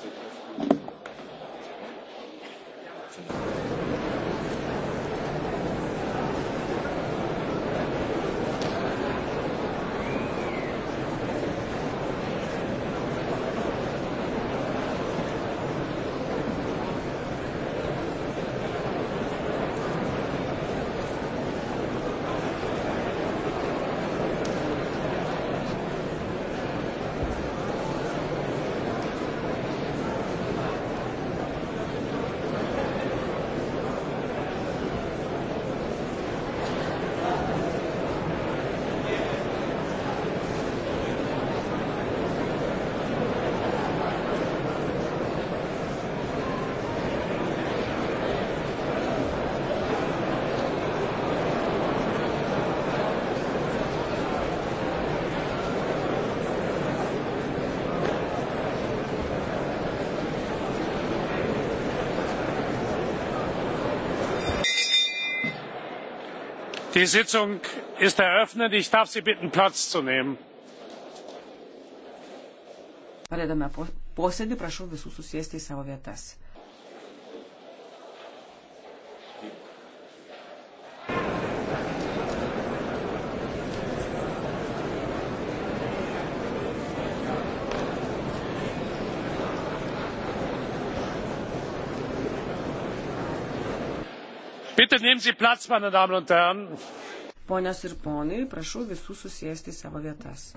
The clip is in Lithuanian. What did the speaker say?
Thank you. die sitzung ist eröffnet. ich darf sie bitten platz zu nehmen. pradedame posėdį prašau visų susėsti į savo vietas. Bitte nehmen Sie Platz, meine Damen und Herren. Ponios ir ponai, prašau visų susėsti į savo vietas.